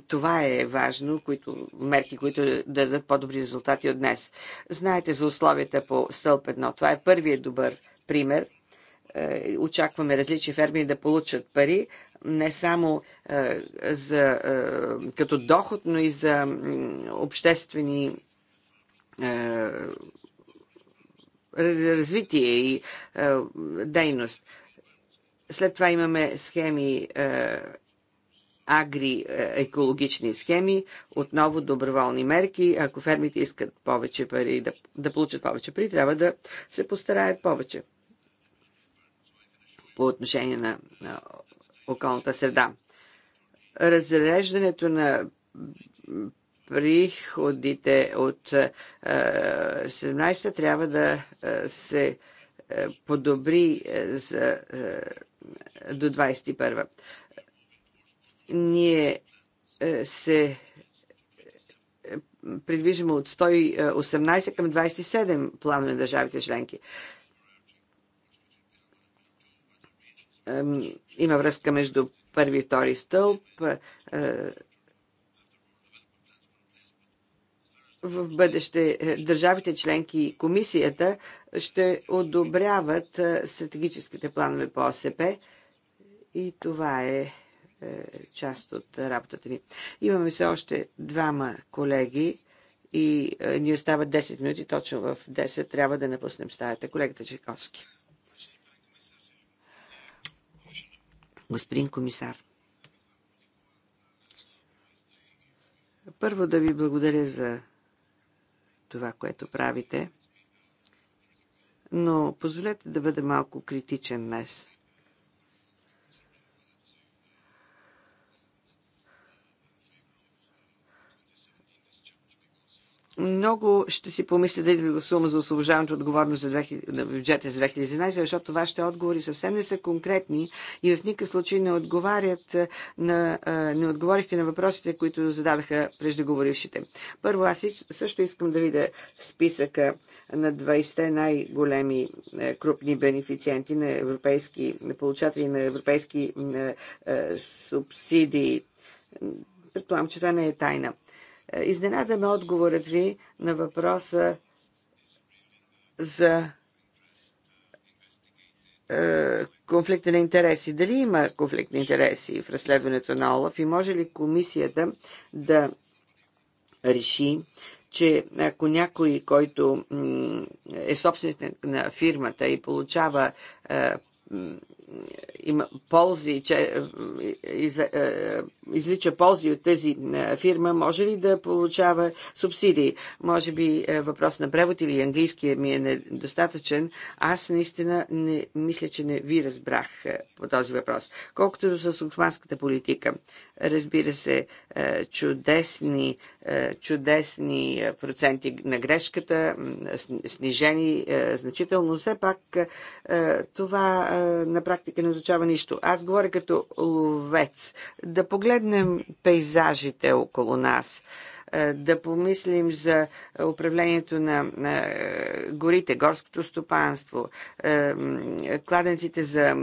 това е важно, които, мерки, които да дадат по-добри резултати от днес. Знаете за условията по стълб едно, Това е първият добър пример. Е, очакваме различни ферми да получат пари, не само е, за, е, като доход, но и за обществени е, развитие и е, дейност. След това имаме схеми, е, агри е, екологични схеми, отново доброволни мерки. Ако фермите искат повече пари, да, да получат повече пари, трябва да се постараят повече по отношение на, на околната среда. Разреждането на приходите от 17 е, трябва да е, се е, подобри за, до 21. Ние се придвижваме от 118 към 27 планове на държавите членки. има връзка между първи и втори стълб. Е, в бъдеще е, държавите членки и комисията ще одобряват е, стратегическите планове по ОСП и това е част от работата ни. Имаме все още двама колеги и ни остават 10 минути. Точно в 10 трябва да напуснем стаята. Колегата Чайковски. господин комисар. Първо да ви благодаря за това, което правите, но позволете да бъда малко критичен днес – много ще си помисля дали да гласувам за освобождаването отговорност за 2000, на бюджета за 2011, защото вашите отговори съвсем не са конкретни и в никакъв случай не отговарят на, не отговорихте на въпросите, които зададаха преждеговорившите. Първо, аз също искам да видя списъка на 20-те най-големи крупни бенефициенти на европейски, на получатели на европейски на, субсидии. Предполагам, че това не е тайна Изненадаме отговорът ви на въпроса за е, конфликта на интереси. Дали има конфликт на интереси в разследването на Олаф и може ли комисията да реши, че ако някой, който е собственик на фирмата и получава е, има ползи, че е, из, е, излича ползи от тази е, фирма, може ли да получава субсидии? Може би въпрос на превод или английския ми е недостатъчен. Аз наистина не мисля, че не ви разбрах по този въпрос. Колкото до с османската политика, Разбира се, е, чудесни, е, чудесни проценти на грешката, снижени е, значително. Все пак това на практика не означава нищо. Аз говоря като ловец. Да погледнем пейзажите около нас да помислим за управлението на горите, горското стопанство, кладенците за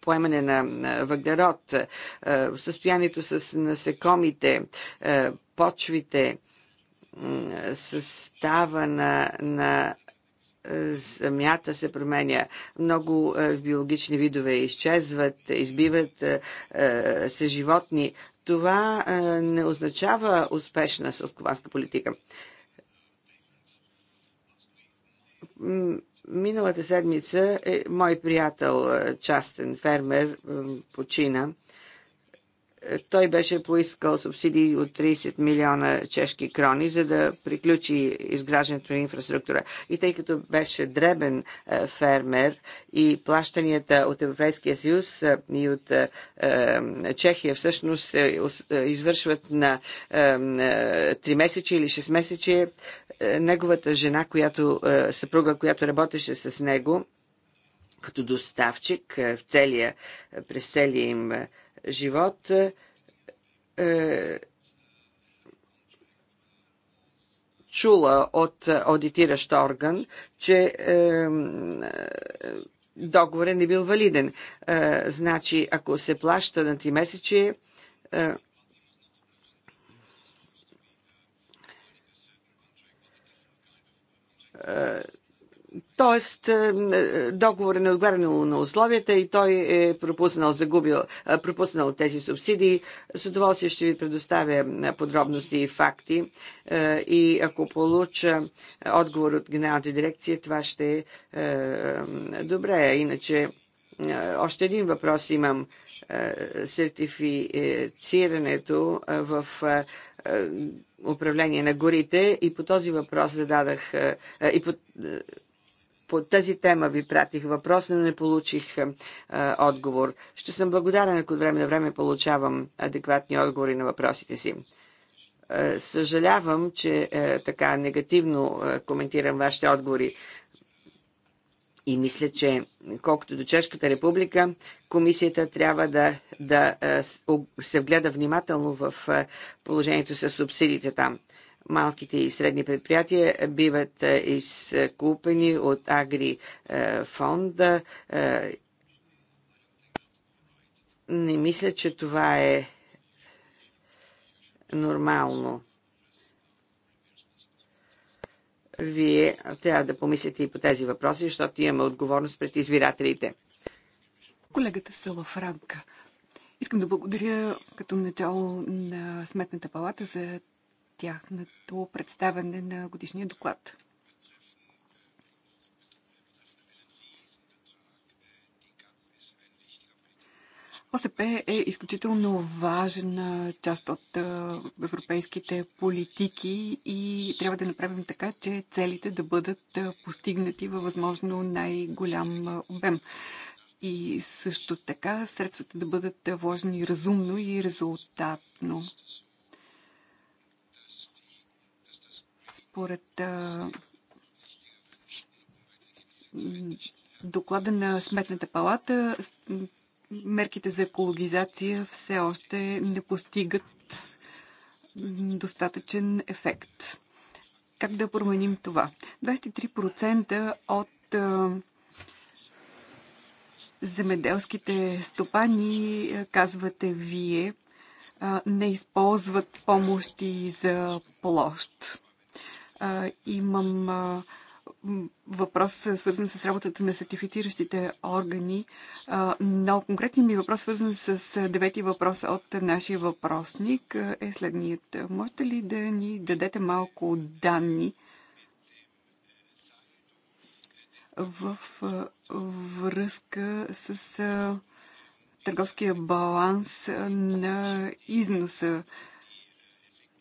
поемане на въглерод, е, състоянието с насекомите, е, почвите, състава на, на е, земята се променя. Много биологични видове изчезват, избиват се животни. Това не означава успешна селскобанска политика Миналата седмица е, мой приятел, е, частен фермер, е, почина. Е, той беше поискал субсидии от 30 милиона чешки крони, за да приключи изграждането на инфраструктура. И тъй като беше дребен фермер и плащанията от Европейския съюз и от Чехия всъщност се извършват на 3 месече или 6 месече, е, неговата жена, която, е, съпруга, която работеше с него като доставчик е, в целия, през целия им живот, чула от аудитиращ орган, че договорът не бил валиден. Значи, ако се плаща на ти месече, Тоест, е, договор е неотговарял на условията и той е пропуснал, загубил, е, пропуснал тези субсидии. С удоволствие ще ви предоставя е, подробности и факти. И ако получа отговор от генералната дирекция, това ще е добре. Иначе, още един въпрос имам. Сертифицирането в управление на горите и по този въпрос зададах е, е, и по, е, по тази тема ви пратих въпрос, но не получих отговор. Ще съм благодарен, ако от време на време получавам адекватни отговори на въпросите си. Съжалявам, че така негативно коментирам вашите отговори. И мисля, че колкото до Чешката република, комисията трябва да, да се вгледа внимателно в положението с субсидиите там. Малките и средни предприятия биват изкупени от Агри фонда. Не мисля, че това е нормално. Вие трябва да помислите и по тези въпроси, защото имаме отговорност пред избирателите. Колегата Салафранка. Искам да благодаря като начало на Сметната палата за тяхното представяне на годишния доклад. ОСП е изключително важна част от европейските политики и трябва да направим така, че целите да бъдат постигнати във възможно най-голям обем. И също така средствата да бъдат вложени разумно и резултатно. Според доклада на Сметната палата мерките за екологизация все още не постигат достатъчен ефект. Как да променим това? 23% от земеделските стопани, казвате вие, не използват помощи за площ. Имам въпрос, е свързан с работата на сертифициращите органи. Много конкретният ми въпрос, свързан с девети въпрос от нашия въпросник, е следният. Можете ли да ни дадете малко данни в връзка с търговския баланс на износа?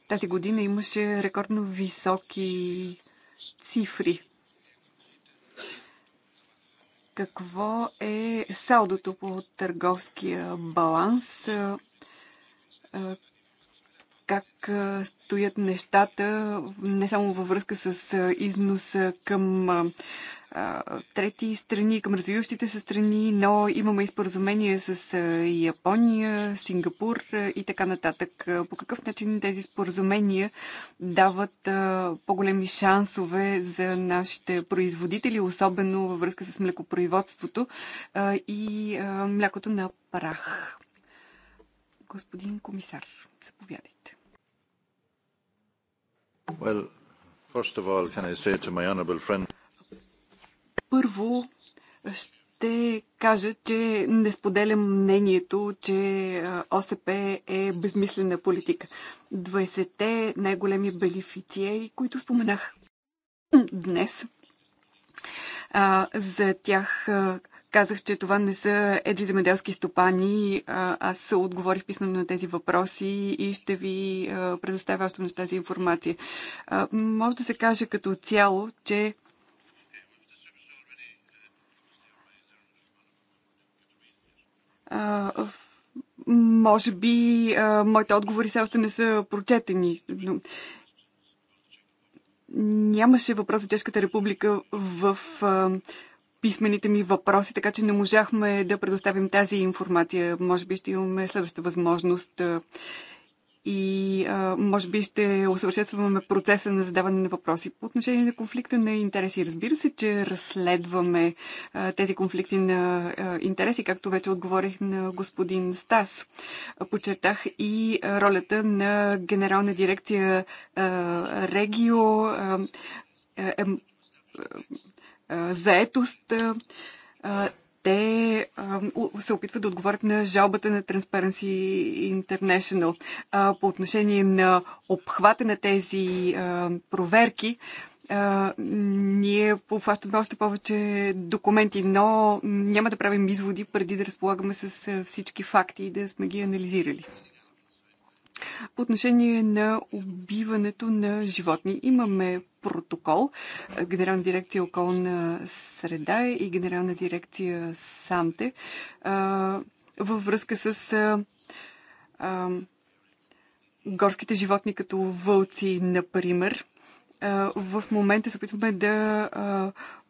Тази година имаше рекордно високи цифри какво е салдото по търговския баланс? как стоят нещата, не само във връзка с износа към трети страни, към развиващите се страни, но имаме и споразумение с Япония, Сингапур и така нататък. По какъв начин тези споразумения дават по-големи шансове за нашите производители, особено във връзка с млекопроизводството и млякото на прах? Господин комисар, заповядайте. Първо, ще кажа, че не споделям мнението, че ОСП е безмислена политика. 20-те най-големи бенефициери, които споменах днес, за тях Казах, че това не са едри земеделски стопани. Аз отговорих писменно на тези въпроси и ще ви предоставя още на тази информация. Може да се каже като цяло, че може би моите отговори все още не са прочетени. Но... Нямаше въпрос за Чешката република в писмените ми въпроси, така че не можахме да предоставим тази информация. Може би ще имаме следваща възможност и а, може би ще усъвършенстваме процеса на задаване на въпроси. По отношение на конфликта на интереси, разбира се, че разследваме а, тези конфликти на а, интереси, както вече отговорих на господин Стас. Почертах и ролята на Генерална дирекция а, Регио. А, е, заетост. Те се опитват да отговорят на жалбата на Transparency International по отношение на обхвата на тези проверки ние обхващаме още повече документи, но няма да правим изводи преди да разполагаме с всички факти и да сме ги анализирали. По отношение на убиването на животни имаме протокол. Генерална дирекция околна среда и генерална дирекция Самте във връзка с горските животни, като вълци, например. В момента се опитваме да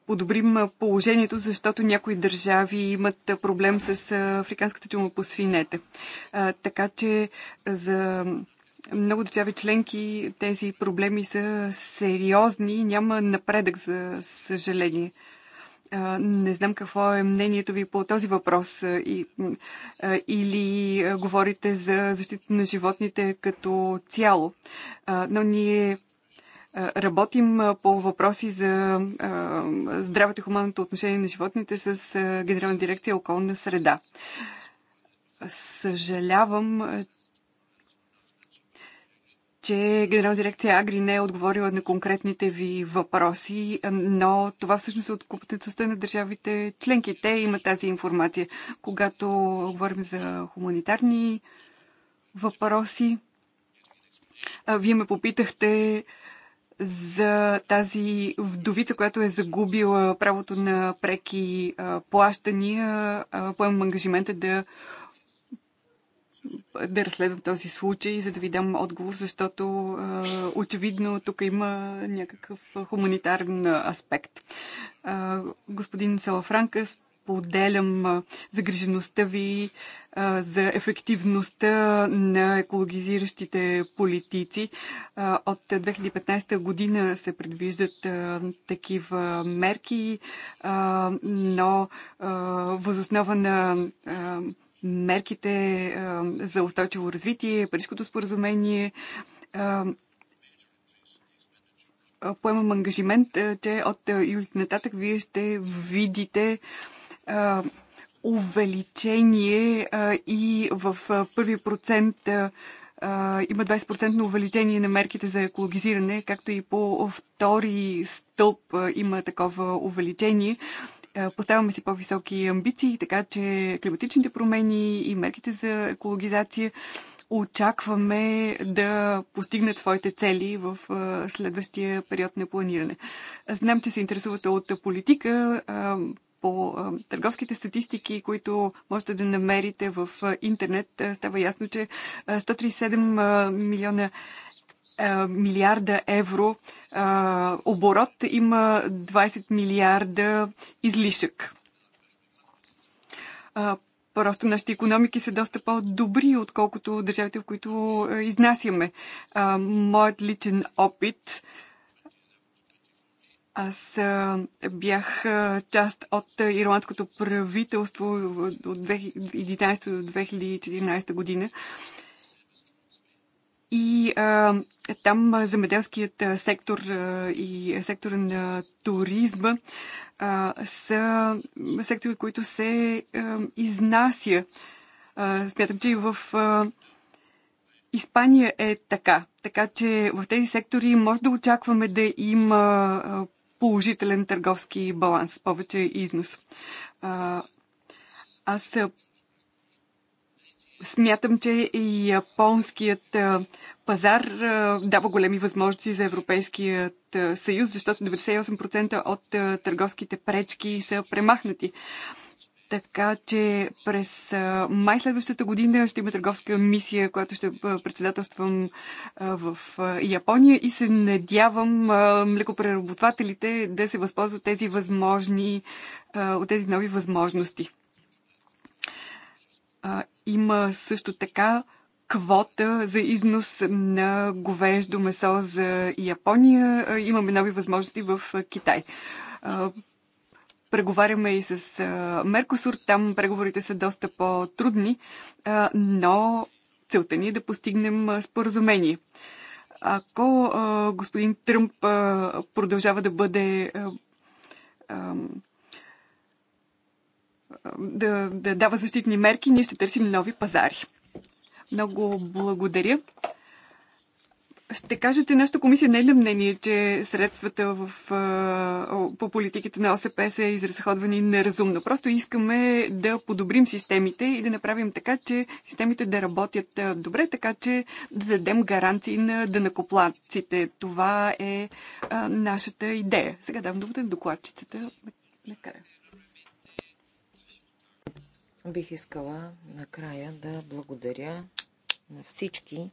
подобрим положението, защото някои държави имат проблем с африканската чума по свинете. Така че за много държави членки тези проблеми са сериозни и няма напредък, за съжаление. Не знам какво е мнението ви по този въпрос. Или говорите за защита на животните като цяло. Но ние Работим по въпроси за здравето и хуманното отношение на животните с Генерална дирекция околна среда. Съжалявам, че Генерална дирекция Агри не е отговорила на конкретните ви въпроси, но това всъщност е от компетентността на държавите членки. Те имат тази информация. Когато говорим за хуманитарни въпроси, вие ме попитахте за тази вдовица, която е загубила правото на преки плащания. Поемам ангажимента да да разследвам този случай, за да ви дам отговор, защото очевидно тук има някакъв хуманитарен аспект. господин Салафранкас споделям загрижеността ви за ефективността на екологизиращите политици. От 2015 година се предвиждат такива мерки, но възоснова на мерките за устойчиво развитие, Парижското споразумение, поемам ангажимент, че от юли нататък вие ще видите увеличение и в първи процент има 20% увеличение на мерките за екологизиране, както и по втори стълб има такова увеличение. Поставяме си по-високи амбиции, така че климатичните промени и мерките за екологизация очакваме да постигнат своите цели в следващия период на планиране. Знам, че се интересувате от политика по търговските статистики, които можете да намерите в интернет, става ясно, че 137 милиона милиарда евро оборот има 20 милиарда излишък. Просто нашите економики са доста по-добри, отколкото държавите, в които изнасяме. Моят личен опит аз бях част от ирландското правителство от 2011 до 2014 година. И а, там земеделският сектор а, и сектора на туризма а, са сектори, които се а, изнася. А, смятам, че и в а, Испания е така. Така че в тези сектори може да очакваме да има положителен търговски баланс, повече износ. Аз смятам, че и японският пазар дава големи възможности за Европейският съюз, защото 98% от търговските пречки са премахнати. Така че през май следващата година ще има търговска мисия, която ще председателствам в Япония и се надявам млекопреработвателите да се възползват тези възможни, от тези нови възможности. Има също така квота за износ на говеждо месо за Япония. Имаме нови възможности в Китай Преговаряме и с Меркосур, там преговорите са доста по-трудни, но целта ни е да постигнем споразумение. Ако господин Тръмп продължава да бъде да, да дава защитни мерки, ние ще търсим нови пазари. Много благодаря. Ще кажа, че нашата комисия не е на мнение, че средствата в, по политиките на ОСП са изразходвани неразумно. Просто искаме да подобрим системите и да направим така, че системите да работят добре, така че да дадем гаранции на дънакоплатците. Това е а, нашата идея. Сега давам думата на докладчицата. Накрая. Бих искала накрая да благодаря на всички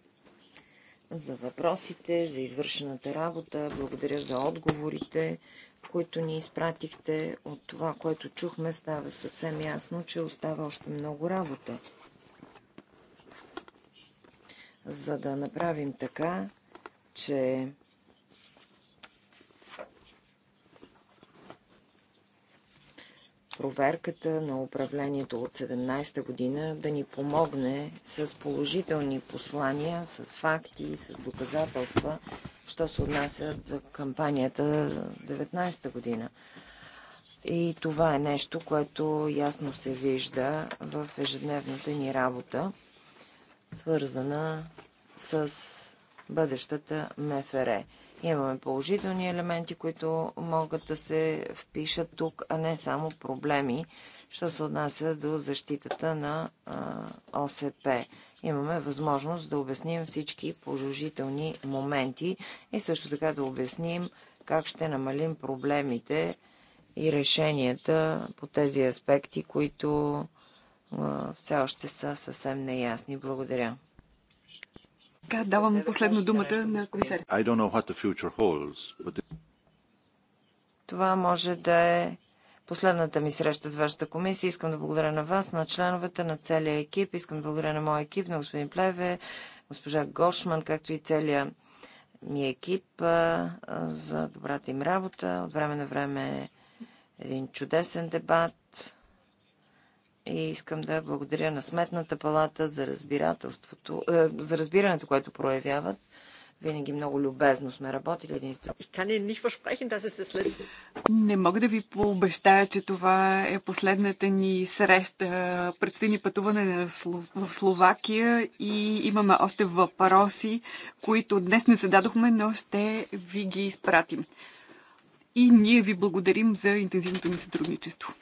за въпросите, за извършената работа. Благодаря за отговорите, които ни изпратихте. От това, което чухме, става съвсем ясно, че остава още много работа. За да направим така, че проверката на управлението от 17-та година да ни помогне с положителни послания, с факти, с доказателства, що се отнасят за кампанията 19-та година. И това е нещо, което ясно се вижда в ежедневната ни работа, свързана с бъдещата МФР. Имаме положителни елементи, които могат да се впишат тук, а не само проблеми, що се отнася до защитата на ОСП. Имаме възможност да обясним всички положителни моменти и също така да обясним как ще намалим проблемите и решенията по тези аспекти, които все още са съвсем неясни. Благодаря. Така, давам последно думата на комисаря. Това може да е последната ми среща с вашата комисия. Искам да благодаря на вас, на членовете, на целия екип. Искам да благодаря на моя екип, на господин Плеве, госпожа Гошман, както и целия ми екип за добрата им работа. От време на време е един чудесен дебат и искам да благодаря на Сметната палата за, разбирателството, е, за разбирането, което проявяват. Винаги много любезно сме работили един с друг. Не мога да ви пообещая, че това е последната ни среща. Предстои ни пътуване в Словакия и имаме още въпроси, които днес не зададохме, но ще ви ги изпратим. И ние ви благодарим за интензивното ни сътрудничество.